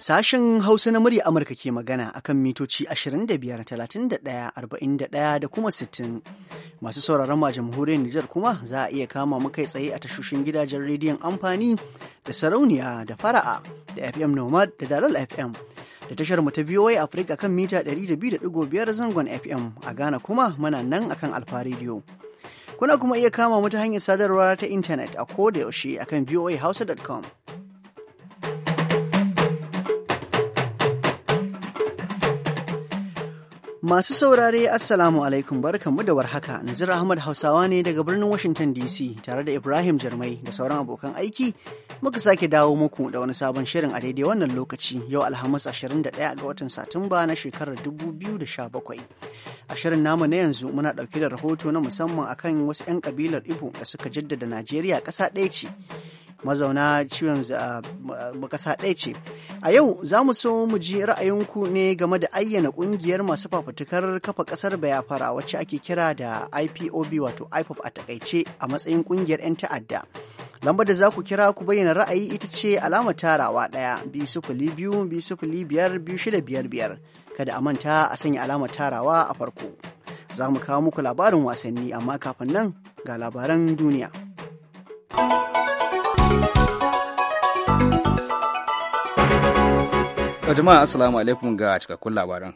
Sashen Hausa na murya Amurka ke magana akan mitoci 25, 31, 41 da kuma 60. Masu sauraron ma jamhuriyar Nijar kuma za a iya kama mu kai tsaye a tashoshin gidajen rediyon amfani da sarauniya da fara'a da FM Nomad da Dalal FM. Da tashar mu ta VOA Africa kan mita 200.5 zangon FM a Ghana kuma muna nan akan Alfa Radio. Kuna kuma iya kama mu ta hanyar sadarwa ta intanet a ko da yaushe akan voahausa.com. Masu saurare Assalamu alaikum barkanmu da warhaka Nazir Ahmad Hausawa ne daga birnin Washington DC tare da Ibrahim Jarmai da sauran abokan aiki muka sake dawo muku da wani sabon shirin a daidai wannan lokaci yau Alhamis 21 ga watan Satumba na shekarar 2017. A shirin namu na yanzu muna ɗauke da rahoto na musamman akan wasu 'yan kabilar Ibo da suka jaddada Najeriya ƙasa ɗaya ce. mazauna ciwon kasa ah, ɗaya ce a yau za mu so mu ji ra'ayinku ne game da ayyana ƙungiyar masu fafutukar kafa ƙasar bayafara wacce ake kira da ipob wato ipop a takaice a matsayin ƙungiyar 'yan ta'adda lambar da za ku kira ku bayyana ra'ayi ita ce alama tarawa ɗaya biyu sufuli biyu biyu sufuli biyar biyu shida biyar biyar kada a manta a sanya alama tarawa a farko za mu kawo muku labarin wasanni amma kafin nan ga labaran duniya. thank you jama'a assalamu alaikum ga cikakkun labaran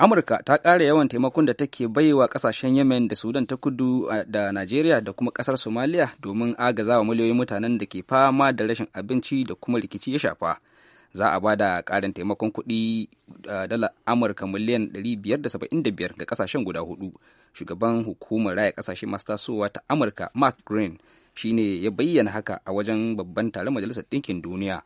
amurka ta ƙara yawan taimakon da take baiwa ƙasashen yemen da sudan ta kudu da najeriya da kuma ƙasar somaliya domin agaza wa miliyoyin mutanen da ke fama da rashin abinci da kuma rikici ya shafa za a ba da ƙarin taimakon kuɗi dala amurka miliyan 575 ga ƙasashen guda hudu shugaban hukumar raya ƙasashe masu tasowa ta amurka mark green shine ya bayyana haka a wajen babban taron majalisar ɗinkin duniya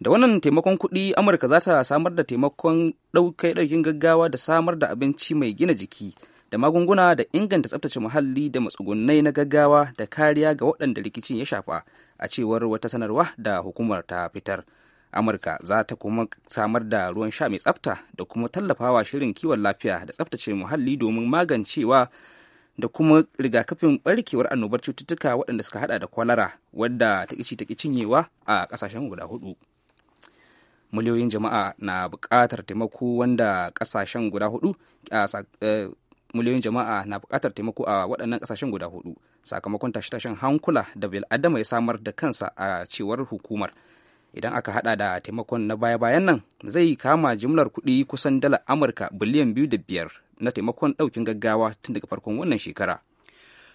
da wannan taimakon kuɗi amurka za ta samar da taimakon ɗaukai ɗaukin gaggawa da samar da abinci mai gina jiki da magunguna da inganta tsabtace muhalli da matsugunai na gaggawa da kariya ga waɗanda rikicin ya shafa a cewar wata sanarwa da hukumar ta fitar amurka za ta kuma samar da ruwan sha mai tsabta da kuma tallafawa shirin kiwon lafiya da tsabtace muhalli domin magancewa da kuma rigakafin barkewar annobar cututtuka waɗanda suka hada da kwalara wadda ta ƙici ta cinyewa a ƙasashen guda hudu miliyoyin jama'a na buƙatar taimako wanda ƙasashen guda hudu eh, miliyoyin jama'a na buƙatar taimako a waɗannan ƙasashen guda hudu sakamakon tashe-tashen hankula da bil adama ya samar da kansa a cewar hukumar idan aka hada da taimakon na baya-bayan nan zai kama jimlar kuɗi kusan dala amurka biliyan biyu da biyar na taimakon ɗaukin gaggawa tun daga farkon wannan shekara.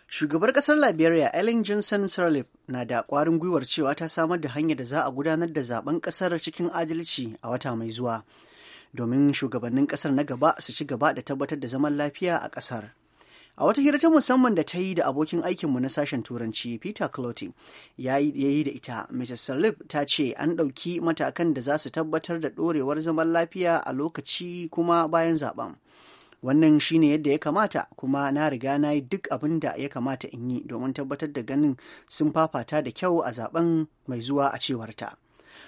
Shugabar ƙasar Liberia Ellen Johnson Sirleaf na da ƙwarin gwiwar cewa ta samar da hanyar da za a gudanar da zaben ƙasar cikin adalci a wata mai zuwa. Domin shugabannin ƙasar na gaba su ci gaba da tabbatar da zaman lafiya a ƙasar. a wata hira ta musamman da ta yi da abokin aikinmu na sashen turanci peter clotty ya yi da ita mrs Sirleaf ta ce an ɗauki matakan da za su tabbatar da ɗorewar zaman lafiya a lokaci kuma bayan zaben wannan shine yadda ya kamata kuma na riga na yi duk abin da ya kamata in yi domin tabbatar da ganin sun fafata da kyau a zaben mai zuwa a cewarta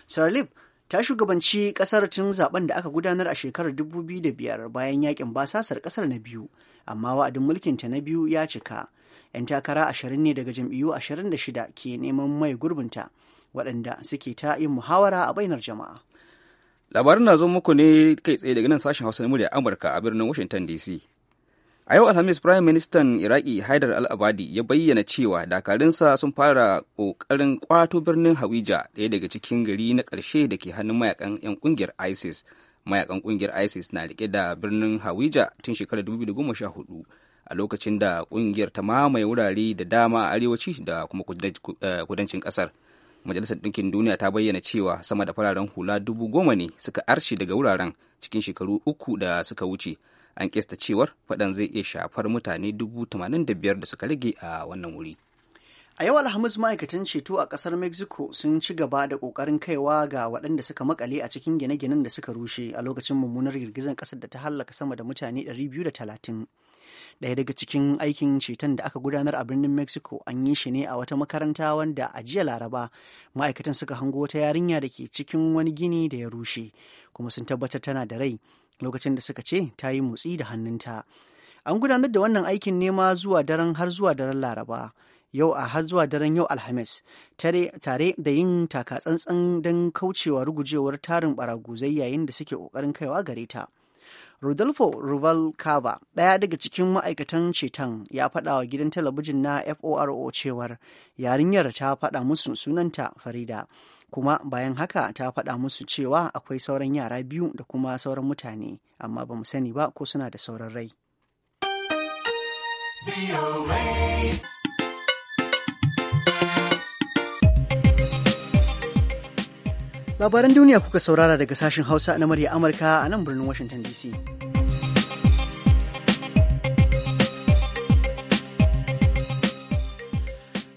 saralib ta shugabanci kasar tun zaben da aka gudanar a shekarar 2005 bayan yakin basasar kasar na biyu amma wa'adin mulkinta na biyu ya cika 'yan takara ashirin ne daga jam'iyyu shida ke neman mai gurbinta waɗanda suke ta yin muhawara a bainar jama'a labarin na zo muku ne kai tsaye daga nan sashen hausa na murya amurka a birnin washington dc a yau alhamis prime minister iraki haidar al-abadi ya bayyana cewa dakarunsa sun fara kokarin kwato birnin hawija daya daga cikin gari na karshe da ke hannun mayakan 'yan kungiyar isis mayakan kungiyar isis na rike da birnin hawija tun shekarar 2014 a lokacin da kungiyar ta mamaye wurare da dama a arewaci da kuma kudancin kasar. majalisar ɗinkin duniya ta bayyana cewa sama da fararen hula dubu goma ne suka arshe daga wuraren cikin shekaru uku da suka wuce an kesta cewar faɗan zai iya shafar mutane dubu tamanin da biyar da suka rage a wannan wuri a yau alhamis ma'aikatan ceto a ƙasar mexico sun ci gaba da ƙoƙarin kaiwa ga waɗanda suka makale a cikin gine-ginen da suka rushe a lokacin mummunar girgizar ƙasar da ta hallaka sama da mutane 230 Ɗaya daga cikin aikin ceton da aka gudanar a birnin Mexico an yi shi ne a wata makaranta wanda a jiya Laraba ma'aikatan suka hango wata yarinya da ke cikin wani gini da ya rushe kuma sun tabbatar tana da rai lokacin da suka ce ta yi motsi da hannunta. An gudanar da wannan aikin nema zuwa daren har zuwa daren Laraba. yau a har zuwa daren yau alhamis tare da yin taka tsantsan don kaucewa rugujewar tarin baraguzai yayin da suke ƙoƙarin kaiwa gareta. rodolfo rubalcava ɗaya daga cikin ma'aikatan ceton ya faɗa wa gidan talabijin na foro cewar yarinyar ta faɗa musu sunanta farida kuma bayan haka ta faɗa musu cewa akwai sauran yara biyu da kuma sauran mutane amma ba sani ba ko suna da sauran rai. Labaran duniya kuka saurara daga sashen Hausa na murya Amurka a nan birnin Washington DC.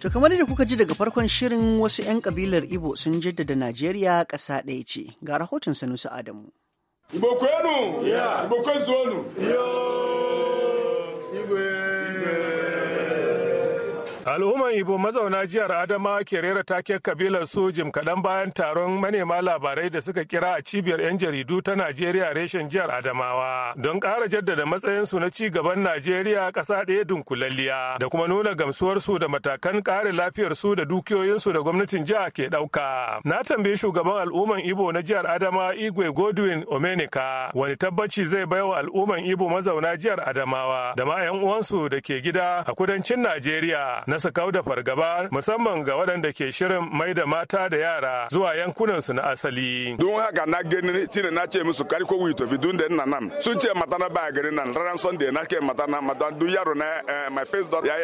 To kamar da kuka ji daga farkon shirin wasu 'yan kabilar Ibo sun jaddada Najeriya ƙasa ɗaya ce. Ga rahoton sanusa Adamu. Ibo kwenu, Ibo kwenu Al'ummar Ibo mazauna jihar Adama ke rera taken kabilar su jim kaɗan bayan taron manema labarai da suka kira a cibiyar 'yan jaridu ta Najeriya reshen jihar Adamawa don ƙara jaddada matsayinsu na ci gaban Najeriya ƙasa ɗaya dunkulalliya da kuma nuna gamsuwarsu da matakan ƙare lafiyarsu da dukiyoyinsu da gwamnatin jiha ke ɗauka. Na tambayi shugaban al'ummar Ibo na jihar Adama Igwe Godwin Omenika wani tabbaci zai baiwa al'ummar Ibo mazauna jihar Adamawa da ma 'yan uwansu da ke gida a kudancin Najeriya na su da fargaba musamman ga waɗanda ke shirin mai da mata da yara zuwa su na asali. Don haka na gani cire na ce musu kari ko wuyi tafi dun da ina nan sun ce mata na ba gari nan ranar sunday na ke mata na mata duk yaro na eh, my face dot ya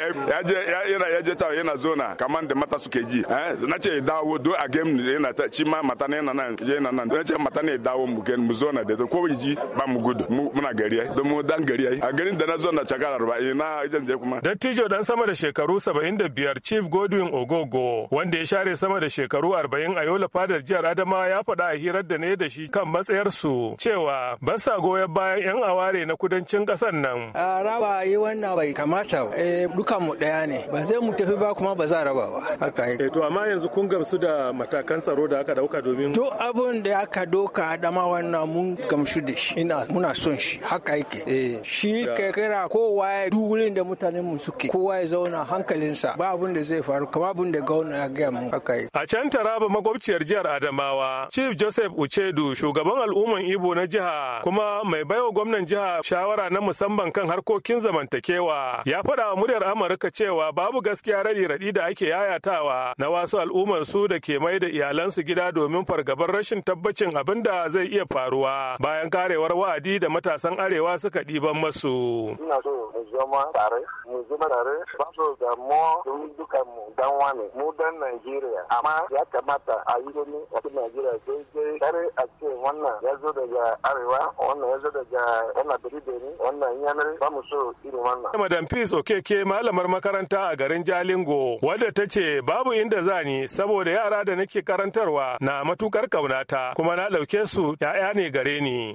je yana ya je ta yana zona kaman da mata suke ji eh, na ce dawo do a game yana ta ci ma mata na yana nan je yana nan na ce mata ne dawo mu gani mu zona da ko ji ba mu gudu muna gari ai don mu dan gari ai a garin da na zona cakar arba ina idan je kuma. Dattijo dan sama da shekaru 75 Chief Godwin Ogogo wanda ya share sama da shekaru 40 a yola fadar jihar Adama ya faɗa a hirar da ne da shi kan matsayarsu cewa ba sa goyon bayan 'yan aware na kudancin ƙasar nan. A raba yi wannan bai kamata eh dukan mu ɗaya ne ba zai mu tafi ba kuma ba za raba ba. Haka eh, to amma yanzu kun gamsu da matakan tsaro da aka dauka domin. To abun da aka doka Adama wannan mun gamsu da shi ina muna son shi haka yake. Eh shi kai kowa ya duk wurin da mutanen mu suke kowa ya zauna hankali halinsa ba abun da zai faru kuma abun da gauna ya gaya mu haka yi. A can Taraba makwabciyar jihar Adamawa, Chief Joseph Uchedu shugaban al'umman Ibo na jiha kuma mai baiwa gwamnan jiha shawara na musamman kan harkokin zamantakewa ya faɗa wa muryar Amurka cewa babu gaskiya raɗi raɗi da ake yayatawa na wasu al'umman su da ke mai da iyalansu gida domin fargabar rashin tabbacin abin da zai iya faruwa bayan karewar wa'adi da matasan arewa suka ɗiban masu. Ina so mu zama tare, mu zama tare, ba so damu mu domin dukan mu dan wane mu dan Najeriya amma ya kamata a yi gani wasu Najeriya sai dai kare a ce wannan ya zo daga arewa wannan ya zo daga wannan biribiri wannan yanar ba mu so irin wannan. Eh, Madam Peace Okeke malamar makaranta a garin Jalingo wadda ta ce babu inda za ni saboda yara da nake karantarwa na matukar kaunata kuma na ɗauke su ya'ya ne gare ni.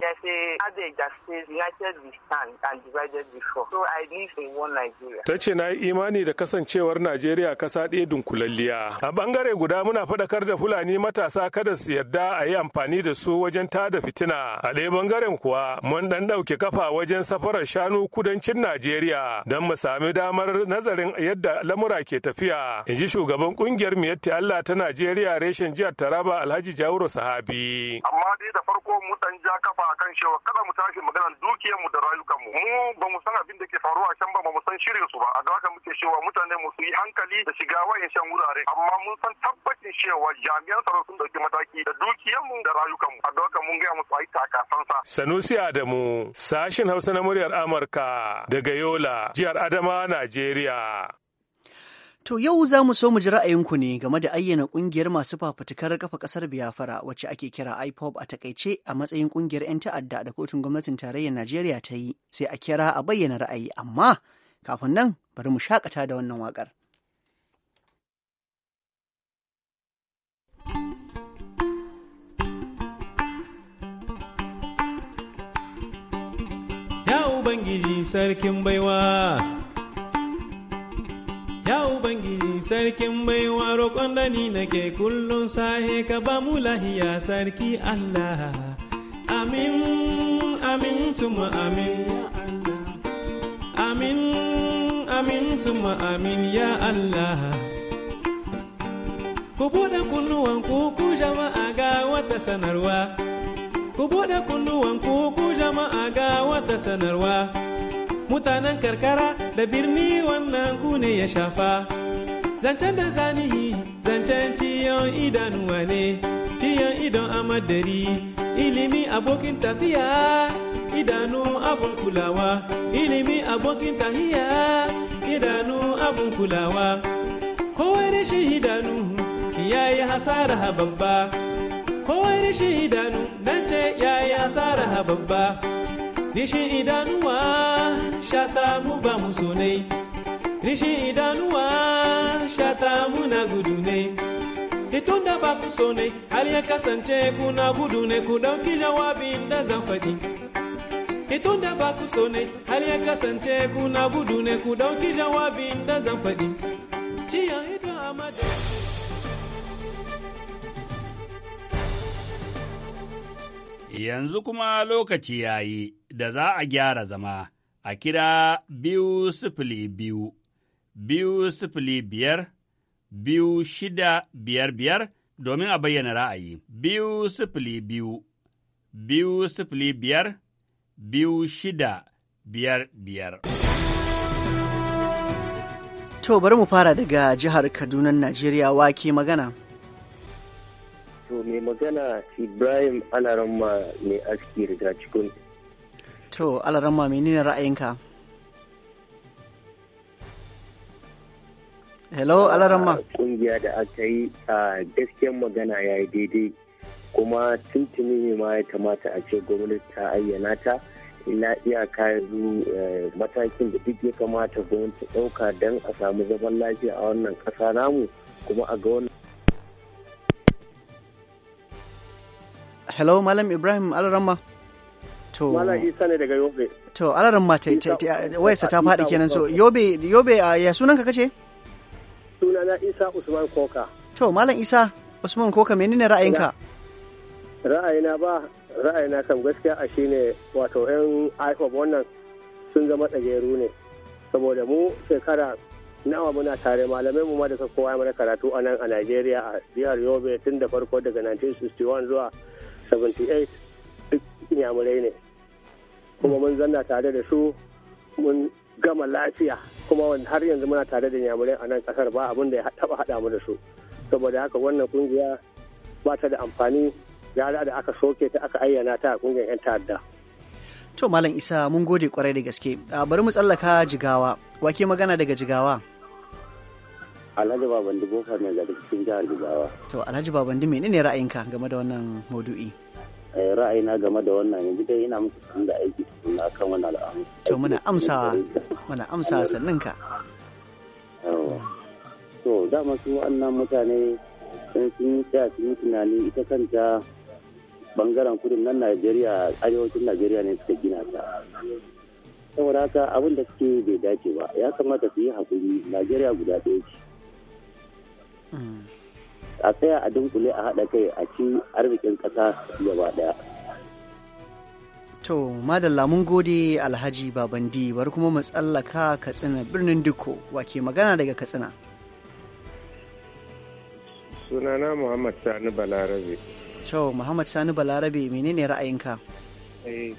Ta ce na yi imani da kasance cewar Najeriya kasa ɗaya dunkulalliya. A bangare guda muna faɗakar da Fulani matasa kada su yarda a yi amfani da su wajen tada fitina. A ɗaya bangaren kuwa mun ɗan ɗauki kafa wajen safarar shanu kudancin Najeriya don mu sami damar nazarin yadda lamura ke tafiya. In ji shugaban ƙungiyar Miyatti Allah ta Najeriya reshen jihar Taraba Alhaji Jawuro Sahabi. Amma dai da farko mu ɗan ja kafa kan cewa kada mu tashi maganar dukiyarmu da rayukanmu. Mu ba mu san abin da ke faruwa can ba mu san shirin su ba. A ga haka muke cewa mutane mu su yi hankali da shiga shan wurare amma mun san tabbacin cewa jami'an tsaro sun dauki mataki da dukiyarmu da rayukanmu a doka mun gaya musu ayi takasansa. Sanusi Adamu sashin Hausa na muryar Amurka daga Yola jihar Adama Najeriya. To yau za mu so mu ji ra'ayinku ne game da ayyana kungiyar masu fafutukar kafa ƙasar Biafra wacce ake kira iPop a takaice a matsayin kungiyar 'yan ta'adda da kotun gwamnatin tarayyar Najeriya ta yi sai a kira a bayyana ra'ayi amma Kafin nan bari mu shakata da wannan waƙar. Ya Ubangiji sarkin baiwa. Ya Ubangiji sarkin baiwa roƙon da ni nake kullum sahe ka ba mu lahiya sarki Allah. Amin, amin, tuma amin. Ya Allah. Amin, amin, suma amin ya Allah. Ku buɗe kunnuwan ku jama'a ga wata sanarwa. Ku buɗe kunnuwan ku jama'a ga wata sanarwa. Mutanen karkara da birni wannan ku ne ya shafa. Zancen da zanihi, zancen ciyon idanuwa ne, ciyon idon amadari, ilimi abokin tafiya. idanu abun kulawa ilimi abokin tahiya idanu abun kulawa kowai rashin idanu ya yi hasara babba kowai rashin idanu nan ce ya yi hasara babba rishin idanuwa shata mu ba mu so ne rishin idanuwa shata mu na gudu ne Itun da ba ku so ne, har ya kasance na gudu ne ku ɗauki jawabin da zan faɗi. e da ba ku so ne har ya kasance kuna gudu ne ku dauki jawabin da zan faɗi ciya ido a Yanzu kuma lokaci ya yi da za a gyara zama a kira biyu sifili biyu, biyu sifili biyar, biyu shida biyar biyar domin a bayyana ra'ayi. Biyu sifili biyu, biyu sifili biyar, biyu shida biyar biyar. To bari mu fara daga jihar Kaduna Najeriya wake magana. To mai magana Ibrahim Alaramma mai aski riga cikin. To Alaramma menene ra'ayinka? Hello ah, Alaramma. Kungiya da aka yi a gaskiyar magana ya yi daidai kuma tuntuni ma ya kamata a ce gwamnati ta ayyana ta. ina iyaka yanzu eh, matakin da duk ya kamata gwamnati ɗauka don a samu zaman lafiya a wannan ƙasa namu kuma a ga wannan hello malam ibrahim alarama to malam isa ne daga yobe to alarama ta waisa ta faɗi kenan so yobe yobe a ah, ya sunan ka kace sunana isa usman koka to malam isa usman koka menene ra'ayinka ra'ayina ba ra'ayina kan gaskiya a shine wato 'yan ipob wannan sun zama tsageru ne saboda mu shekara nawa muna tare malamai mu ma da kowa mana karatu a nan a nigeria a jihar Yobe tun da farko daga 1961 zuwa 78 duk inyamurai ne kuma mun zanna tare da su mun gama lafiya kuma har yanzu muna tare da inyamurai a nan kasar ba abin da ya taba hada mu da su saboda haka wannan kungiya ba ta da amfani ya da aka soke ta aka ayyana ta a kungiyar 'yan ta'adda. To Malam Isa mun gode kwarai da gaske. Bari mu tsallaka jigawa. Wake magana daga jigawa. Alhaji Babandi Bofar ne daga cikin jihar Jigawa. To Alhaji Babandi menene ra'ayinka game da wannan maudu'i? Eh, ra'ayina game da wannan yanzu dai ina muku sanin da aiki tukuna kan wani al'amu. To muna amsawa muna amsawa sannin ka. To dama su wannan mutane sun yi tsaya sun yi tunani ita kanta bangaren kudin nan najeriya arewacin najeriya ne suka gina ta saboda haka abin da suke bai dace ba ya kamata su yi hakuri najeriya guda ɗaya ce a tsaya a dunkule a haɗa kai a ci arzikin ƙasa gaba ɗaya To, madalla mun gode Alhaji Babandi bar kuma mu tsallaka Katsina birnin Dukko wake magana daga Katsina. Sunana Muhammad Sani Balarabe. to muhammad sani balarabe menene ra'ayinka eh,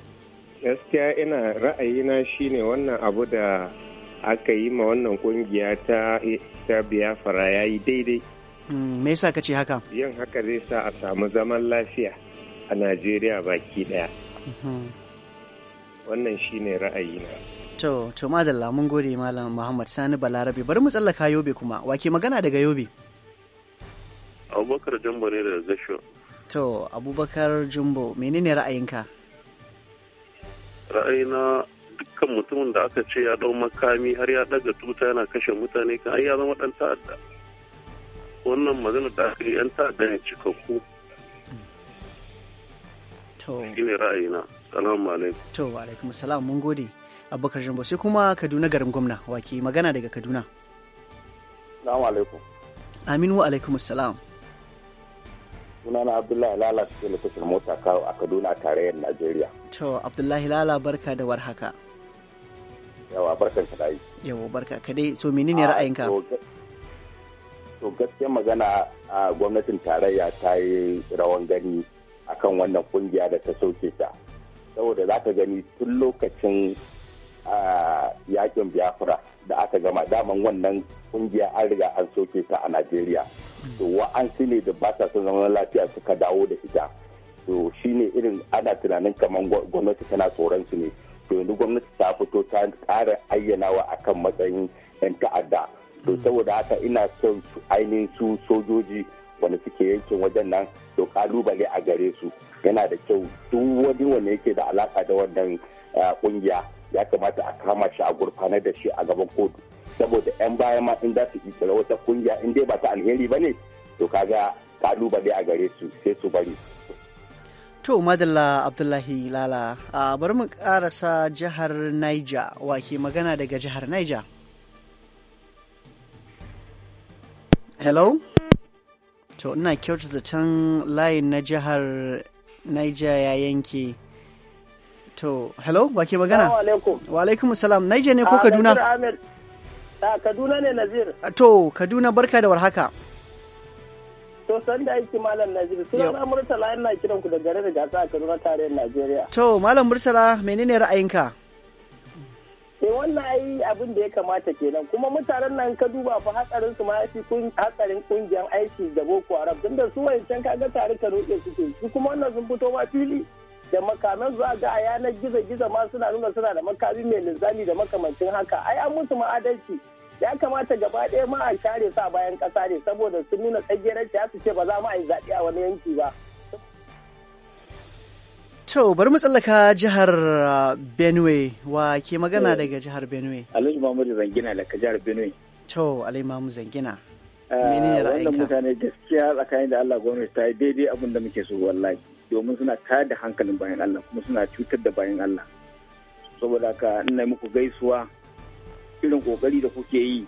gaskiya ina ra'ayina shine wannan abu da aka yi ma wannan kungiya ta ta biyafara ya yi daidai hmm, me yasa ka ce haka yin haka zai sa a samu zaman lafiya a najeriya baki daya hmm. wannan shine ra'ayina to to madalla mun gode malam muhammad sani balarabe bari mu tsallaka yobe kuma wake magana daga yobe abubakar jambo ne da gasho To, Abubakar Jumbo, menene ra'ayinka? Ra'ayina dukkan mutumin da aka ce ya ɗau makami har ya ɗaga tuta yana kashe mutane kan ai ya zama ɗan ta'adda. Wannan magana da aka yi 'yan ta'adda ne cikakku. To. Shi ra'ayina. Salamu alaikum. To, alaikum salam, mun gode. Abubakar Jumbo, sai kuma Kaduna garin gwamna, wake magana daga Kaduna. Salamu alaikum. Aminu alaikum salam. sunana abdullahi lala su na tashar mota kawo a kaduna tarayyar najeriya to abdullahi lala barka da haka. yawa barkan ka dai yawa barka ka dai so menene ah, ra'ayinka to gaskiya magana a gwamnatin tarayya ta yi rawan gani akan wannan kungiya da ta sauke ta saboda za ka gani tun lokacin a yakin biafra da aka gama daman wannan kungiya an riga an soke ta a najeriya to wa'ansu ne da ba sa son zaman lafiya suka dawo da ita to shine irin ana tunanin kamar gwamnati tana tsoron su ne to yanzu gwamnati ta fito ta ƙara ayyanawa akan matsayin 'yan ta'adda to hmm. saboda haka ina son ainihin su sojoji wanda suke yankin wajen nan to kalubale a gare su yana da kyau duk wani wanda yake da alaka da wannan eh, kungiya ya kamata a kama shi a gurfanar da shi a gaban kotu saboda yan baya ma in za su ƙirƙira wata kungiya in dai ba ta alheri ba ne to kaga kalubale a gare su sai su bari To Madalla Abdullahi Lala, a bari mu karasa jihar Niger, wake magana daga jihar Niger. Hello? To ina kyautata zaton layin na jihar Niger ya yanke. To, hello, ba ke magana? Wa alaikum salam. Naija ne ko Kaduna? Kaduna ne Nazir. To, Kaduna barka da warhaka. To, san da aiki Malam Nazir. Suna na Murtala yana kiran ku da gare da gasa a Kaduna tarayyar Najeriya. To, Malam Murtala, menene ra'ayinka? e wannan ai abin da ya kamata kenan kuma mutanen nan ka duba fa hatsarin su ma yafi hatsarin kungiyar aiki da Boko Haram tunda su wayancan kaga tare ka roƙe suke su kuma wannan sun fito ma fili. da makaman zuwa ga a yanar gizo-gizo ma suna nuna suna da makami mai linzami da makamancin haka ai an musu ma'adalci ya kamata gaba ɗaya ma a share sa bayan ƙasa ne saboda sun nuna tsagerar ya su ce ba za mu a yi zaɓe a wani yanki ba. To bari mu tsallaka jihar uh, Benue wa ke magana daga jihar Benue. Alhaji Mahmud Zangina daga jihar Benue. To Alhaji Mamu Zangina. Uh, menene ra'ayinka? Wannan mutane gaskiya tsakanin da Allah gwamnati ta yi daidai abin da muke so wallahi. domin suna tayar da hankalin bayan Allah kuma suna cutar da bayan Allah saboda haka ina muku gaisuwa irin kokari da kuke yi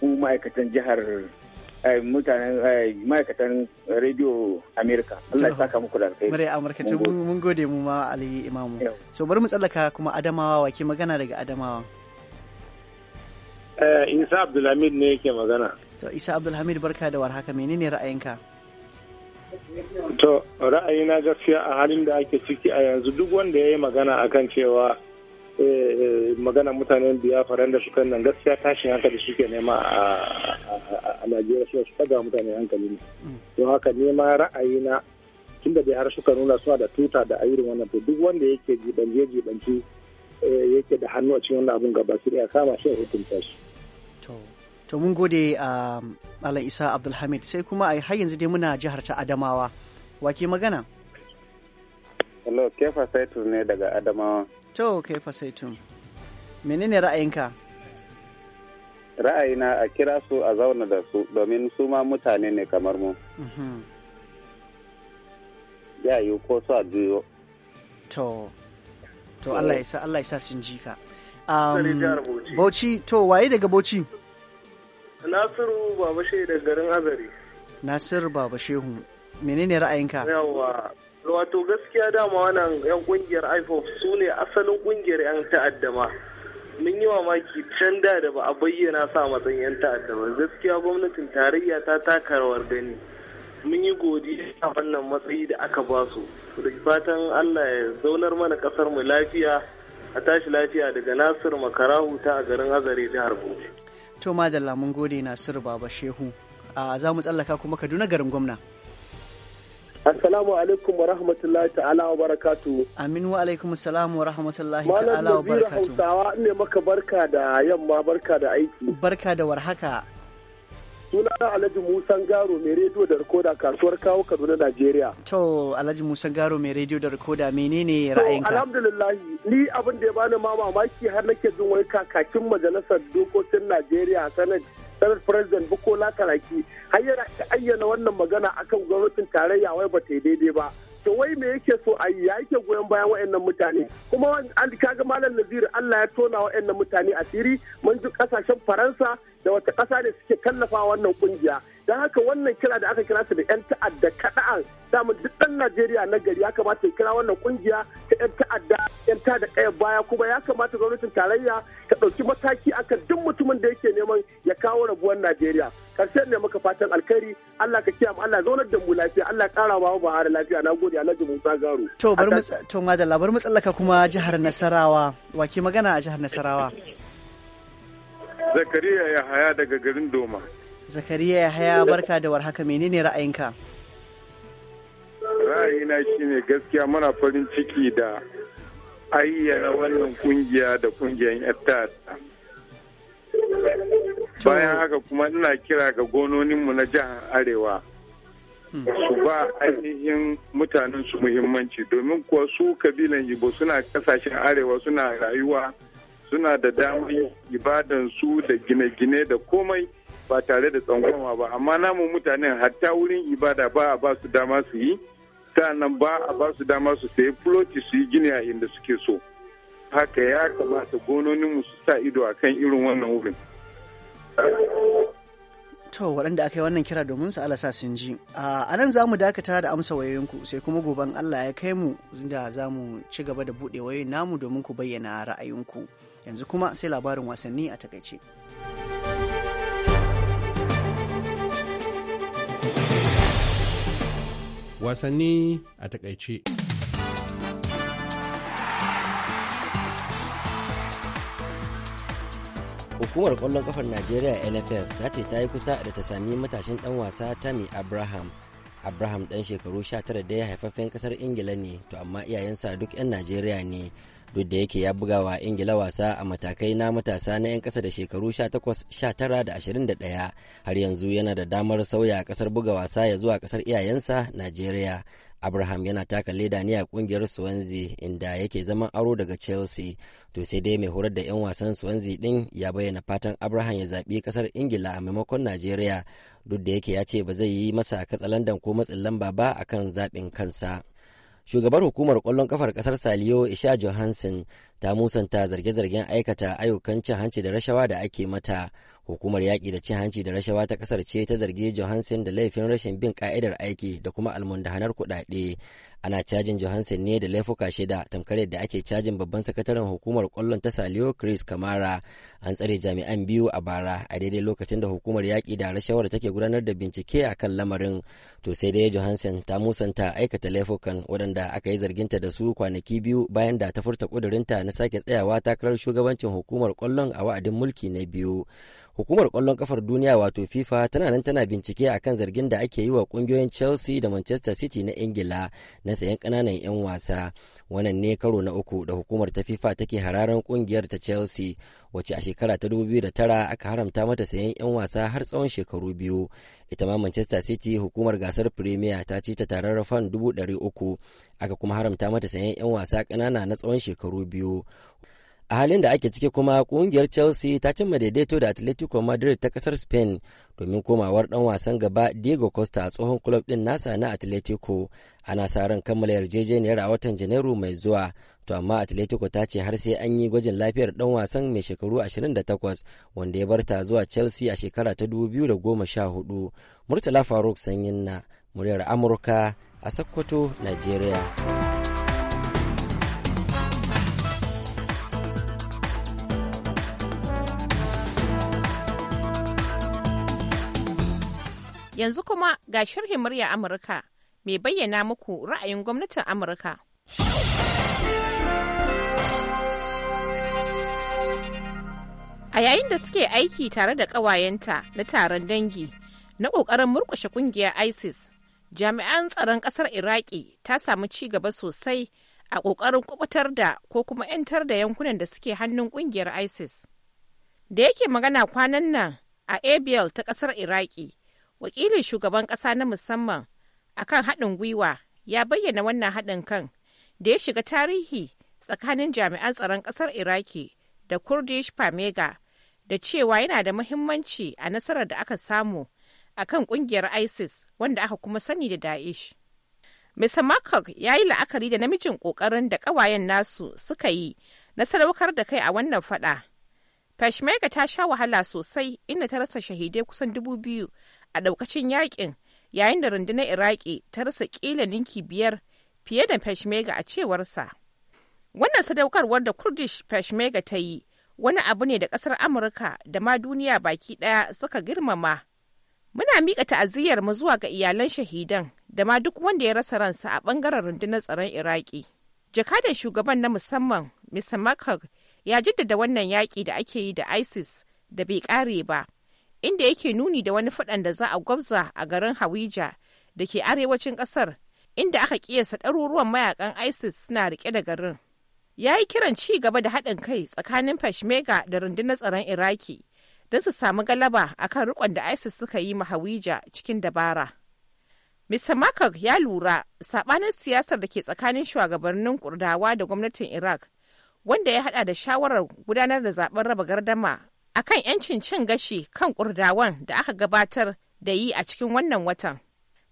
ku ma'aikatan jihar eh, mutanen eh, ma'aikatan radio america allah ya saka muku da alkhairi mare amurka to mun gode mu ma ali imamu so bari mu tsallaka kuma adamawa ke magana daga adamawa eh, isa abdulhamid ne yake magana to isa abdulhamid barka da warhaka menene ra'ayinka To ra'ayina gaskiya a halin da ake ciki a yanzu duk wanda ya yi magana akan cewa eh, eh, magana mutanen biyafaran da suka nan gaskiya tashin hankali suke nema a Najeriya su ga mutane hankali ne. Don haka nema ra'ayina tun da har suka nuna suna da tuta da ayyukan wannan to duk wanda yake jibanje jibanci eh, yake da hannu a cikin wannan abun gaba ya kama shi hukunta shi. to mun gode a ah, malam isa abdulhamid sai kuma a har yanzu dai muna jihar ta adamawa wake magana hello kefa Saitu ne daga adamawa to kefa Saitu menene ra'ayinka ra'ayina a kira su a zauna da su domin su ma mutane ne kamar mu mm-hmm. ya yi ko su a juyo to to eh. allah ya sa sun ji ka um, bauchi to waye daga bauchi Nasiru Baba da garin Azare. Nasiru Baba menene ra'ayinka? Yawwa, wato gaskiya dama wannan 'yan kungiyar IFOP su ne asalin kungiyar 'yan ta'adda ma. Mun yi mamaki can da da ba a bayyana sa matsayin 'yan ta'adda ba. Gaskiya gwamnatin tarayya ta taka rawar gani. Mun yi godiya a wannan matsayi da aka ba su. Da fatan Allah ya zaunar mana kasar mu lafiya a tashi lafiya daga Nasiru Makarahu ta a garin Azare jihar Bauchi. to madalla mun gode nasiru baba shehu za mu tsallaka kuma kaduna garin gwamna Assalamu alaikum wa rahmatullahi ta'ala wa barakatu. Amin wa alaikum salam wa rahmatullahi ta'ala wa barakatu. Malam Hausawa ne maka barka da yamma barka da aiki. Barka da warhaka. suna na alhaji musan garo mai rediyo da rikoda kasuwar kawo kaduna najeriya to alhaji musan garo mai rediyo da rikoda menene ra'ayinka alhamdulillah ni abin da ya bani ma mamaki har nake jin wai kakakin majalisar dokokin najeriya sanar sanar president bukola karaki har yana ayyana wannan magana akan gwamnatin tarayya wai ba ta daidai ba to wai me yake so a yi yake goyon bayan waɗannan mutane kuma kaga malam nazir Allah ya tona waɗannan mutane asiri mun ji kasashen faransa da wata ƙasa da suke kallafa wannan kungiya don haka wannan kira da aka kira su da 'yan ta'adda kaɗa'an dama duk ɗan najeriya na gari ya kamata ya kira wannan kungiya ta 'yan ta'adda 'yan da ƙayar baya kuma ya kamata gwamnatin tarayya ta ɗauki mataki akan duk mutumin da yake neman ya kawo rabuwar najeriya karshe ne maka fatan alkhairi Allah ka kiyama Allah zaunar da mu lafiya Allah ƙara wa har lafiya na gode Alhaji Musa Garo to bar mu to madalla bar mu tsallaka kuma jihar Nasarawa wake magana a jihar Nasarawa Zakariya haya daga garin Doma zakariya ya haya barka da warhaka menene ra'ayinka ra'ayina shine gaskiya muna farin ciki da ayyana wannan kungiya da kungiyan yatta bayan haka kuma ina kira ga gononinmu na jihar arewa hmm. su ba ainihin mutanen su muhimmanci domin kuwa su kabilan yibo suna kasashen arewa suna rayuwa suna da damar ibadan su da gine-gine da komai ba tare da tsangwama ba amma namu mutanen hatta wurin ibada ba a ba su dama su yi sannan ba a ba su dama su sayi fuloti su yi gini a inda suke so haka ya kamata gononinmu su sa ido a kan irin wannan wurin to waɗanda aka yi wannan kira domin su alasa sun ji a nan za mu dakata da amsa wayoyinku sai kuma goben allah ya kai mu da za mu ci gaba da buɗe wayoyin namu domin ku bayyana ra'ayinku. yanzu kuma sai labarin wasanni a takaice. wasanni a takaice. hukumar ƙwallon ƙafar najeriya nff ta ce ta yi kusa da ta sami matashin ɗan wasa tammy abraham abraham ɗan shekaru 19 da ya haifaffen ƙasar ingila ne to amma iyayensa duk 'yan najeriya ne duk da yake ya buga wa ingila wasa a matakai na matasa na 'yan kasa da shekaru 18 da 21 har yanzu yana da damar sauya kasar buga wasa ya zuwa kasar iyayensa najeriya abraham yana taka leda ne a kungiyar swansea inda yake zaman aro daga chelsea to sai dai mai horar da 'yan wasan swansea din ya bayyana fatan abraham ya zaɓi kasar ingila a maimakon najeriya duk da yake ya ce ba zai yi masa katsalandan ko matsin lamba ba akan zaɓin kansa shugabar hukumar kwallon kafar kasar saliyo isha johansen ta musanta zarge-zargen aikata ayyukan cin hanci da rashawa da ake mata hukumar yaƙi da cin hanci da rashawa ta kasar ce ta zarge johansen da laifin rashin bin ka'idar aiki da kuma almundahanar kuɗaɗe ana cajin johansen ne da laifuka shida tamkar yadda ake cajin babban sakataren hukumar kwallon ta saliyo chris kamara an tsare jami'an biyu a bara a daidai lokacin da hukumar yaƙi da rashawar take gudanar da bincike a kan lamarin to sai dai johansen ta musanta aikata laifukan waɗanda aka yi zarginta da su kwanaki biyu bayan da ta furta ƙudurinta na sake tsayawa takarar shugabancin hukumar kwallon a wa'adin mulki na biyu hukumar kwallon kafar duniya wato fifa tana nan tana bincike akan zargin da ake yi wa kungiyoyin chelsea da manchester city na ingila na sayan ƙananan 'yan wasa wannan ne karo na uku da hukumar ta fifa take hararan kungiyar ta chelsea wacce a shekara ta 2009 aka haramta mata sayan 'yan wasa har tsawon shekaru biyu ita ma manchester city hukumar gasar premier ta ce ta tarar fan 300 aka kuma haramta mata sayan 'yan wasa ƙanana na tsawon shekaru biyu a halin da ake ciki kuma kungiyar chelsea ta cimma daidaito da atletico madrid ta kasar spain domin komawar dan wasan gaba diego costa a tsohon club din nasa na atletico ana sa ran kammala yarjejeniyar a watan janairu mai zuwa to amma atletico ta ce har sai an yi gwajin lafiyar dan wasan mai shekaru 28 wanda ya bar ta zuwa chelsea a shekara ta 2014 murtala faruk sanyin na muryar amurka a sokoto nigeria Yanzu kuma ga sharhin murya Amurka mai bayyana muku ra'ayin gwamnatin Amurka. A yayin da suke aiki tare da ƙawayenta na taron dangi na ƙoƙarin murƙushe ƙungiyar ISIS, jami'an tsaron ƙasar Iraki ta samu ci gaba sosai a ƙoƙarin kubutar da ko kuma 'yantar da yankunan da suke hannun ƙungiyar ISIS. Da yake magana kwanan nan a Abiel ta ƙasar Iraki, wakilin shugaban ƙasa na musamman akan haɗin gwiwa ya bayyana wannan haɗin kan da ya shiga tarihi tsakanin jami'an tsaron ƙasar iraki da kurdish pamega da cewa yana da muhimmanci a nasarar da aka samu akan ƙungiyar isis wanda aka kuma sani da daesh Mr. Marcock ya yi la'akari da namijin ƙoƙarin da ƙawayen nasu suka yi na sadaukar da kai a wannan fada. Peshmerga ta sha wahala sosai inda ta rasa shahidai kusan dubu biyu a ɗaukacin yakin yayin da rundunar iraki ta rasa kila ninki biyar fiye da peshmerga a cewarsa wannan sadaukarwar da kurdish peshmerga ta yi wani abu ne da ƙasar amurka da ma duniya baki ɗaya suka girmama muna miƙa ta'aziyyar mu zuwa ga iyalan shahidan da ma duk wanda ya rasa ransa a ɓangaren rundunar tsaron iraki jakadan shugaban na musamman mr makar ya jaddada wannan yaƙi da ake yi da isis da bai ƙare ba inda yake nuni da wani faɗan da za a gwabza a garin Hawija da ke arewacin ƙasar, inda aka ƙiyasa ɗaruruwan mayakan ISIS suna riƙe da garin. Ya yi kiran ci gaba da haɗin kai tsakanin Peshmerga da rundunar tsaron Iraki don su samu galaba akan riƙon da ISIS suka yi ma Hawija cikin dabara. Mr. Makak ya lura saɓanin siyasar da ke tsakanin shugabannin Kurdawa da gwamnatin Iraq wanda ya hada da shawarar gudanar da zaben raba gardama akan 'yancin cin gashi kan kurdawan da aka gabatar da yi a cikin wannan watan.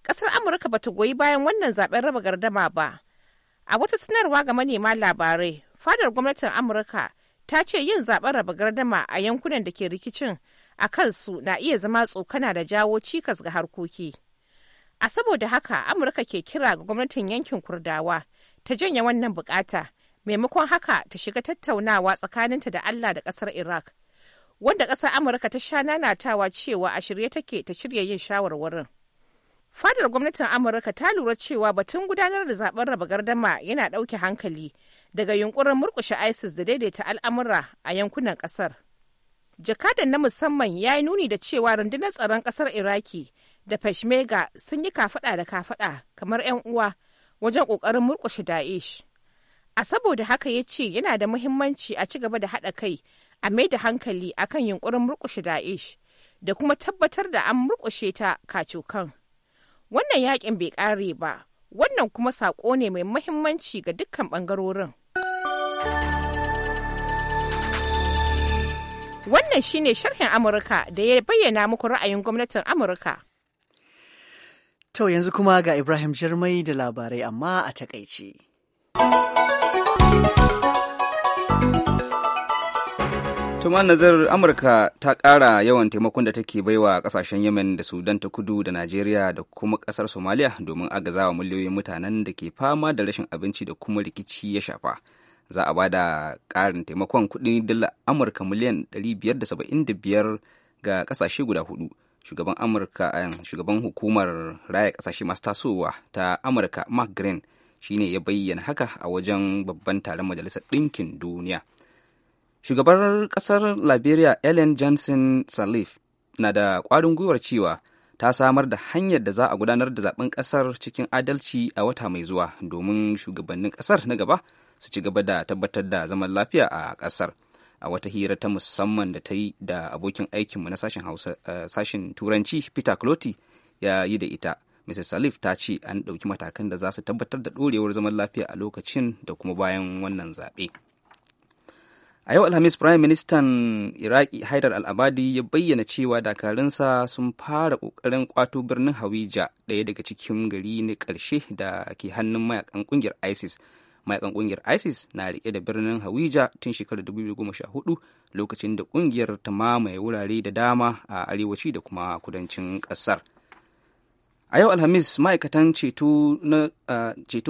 Ƙasar Amurka ba ta goyi bayan wannan zaben raba gardama ba. A wata sanarwa ga manema labarai, fadar gwamnatin Amurka ta ce yin zaben raba gardama a yankunan da ke rikicin a kansu na iya zama tsokana da jawo cikas ga harkoki. A saboda haka Amurka ke kira ga gwamnatin yankin Kurdawa ta janye wannan bukata maimakon haka ta shiga tattaunawa tsakaninta da Allah da ƙasar Iraq. wanda ƙasar amurka ta sha nanatawa cewa a shirye take ta shirya yin shawarwarin fadar gwamnatin amurka ta lura cewa batun gudanar da zaben raba gardama yana ɗauke hankali daga yunkurin murkushe isis da daidaita al'amura a yankunan ƙasar jakadan na musamman ya yi nuni da cewa rundunar tsaron ƙasar iraki da peshmerga sun yi kafada da kafada kamar 'yan uwa wajen ƙoƙarin murkushe daesh a saboda haka ya ce yana da muhimmanci a ci gaba da haɗa kai a mai da hankali akan yunkurin murkushe Da'ish da kuma tabbatar da an murkushe ta kacokan. Wannan yakin bai ƙare ba, wannan kuma saƙo ne mai mahimmanci ga dukkan ɓangarorin. Wannan shine sharhin Amurka da ya bayyana muku ra'ayin gwamnatin Amurka. To yanzu kuma ga Ibrahim Jirmai da labarai amma a takaici. Tuma nazar Amurka ta ƙara yawan taimakon da take baiwa ƙasashen Yemen da Sudan ta kudu da Najeriya da kuma ƙasar Somalia domin agazawa miliyoyin mutanen da ke fama da rashin abinci da kuma rikici ya shafa. Za a ba da ƙarin taimakon kuɗin dala Amurka miliyan 575 ga ƙasashe guda hudu. Shugaban Amurka eh, shugaban hukumar raya ƙasashe masu tasowa ta Amurka Mark Green shine ya bayyana haka a wajen babban taron Majalisar Ɗinkin Duniya. Shugabar ƙasar Liberia Ellen Johnson salif na da ƙwarin gwiwar cewa ta samar da hanyar da za a gudanar da zaben ƙasar cikin adalci a wata mai zuwa domin shugabannin ƙasar na gaba su ci gaba da tabbatar da zaman lafiya a ƙasar. A wata hira ta musamman da ta yi da abokin aikinmu na sashen, eh, Turanci Peter Cloti ya yi da ita. Mrs. Salif ta ce an ɗauki matakan da za su tabbatar da ɗorewar zaman lafiya a lokacin da kuma bayan wannan zaɓe. a yau alhamis prime ministan iraki haidar al-abadi ya bayyana cewa dakarunsa sun fara kokarin kwato birnin hawija ɗaya daga cikin gari na ƙarshe da ke hannun mayakan ƙungiyar isis mayakan ƙungiyar isis na riƙe da birnin hawija tun shekarar 2014 lokacin da ƙungiyar ta mamaye wurare da dama a arewaci da kuma kudancin ƙasar a yau alhamis ma'aikatan ceto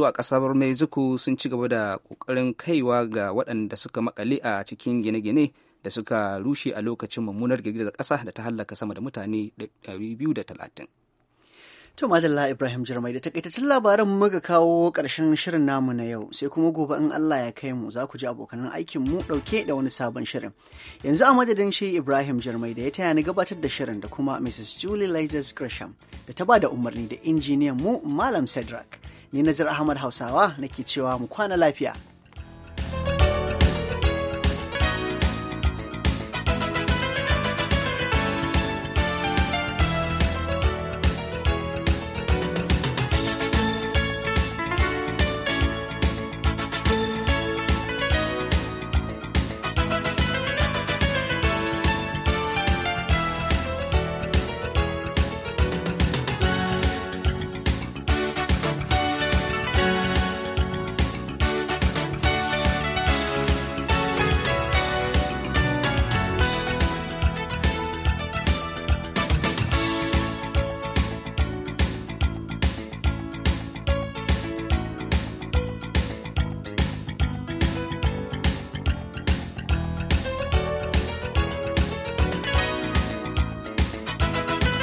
a kasar mexico sun ci gaba da kokarin kaiwa ga waɗanda suka makale a cikin gine-gine da suka rushe a lokacin mummunar girgizar ƙasa da ta hallaka sama da mutane 230 To madalla Ibrahim Jirmai da takaitaccen labaran muka kawo ƙarshen shirin namu na yau sai kuma gobe in Allah ya kai mu za ku ji abokanan aikin mu ɗauke da wani sabon shirin. Yanzu a madadin shi Ibrahim Jirmai da ya taya ni gabatar da shirin da kuma Mrs. Julie Lizards Gresham da ta ba da umarni da injiniyan mu Malam Cedric. Ni nazar Ahmad Hausawa nake cewa mu kwana lafiya.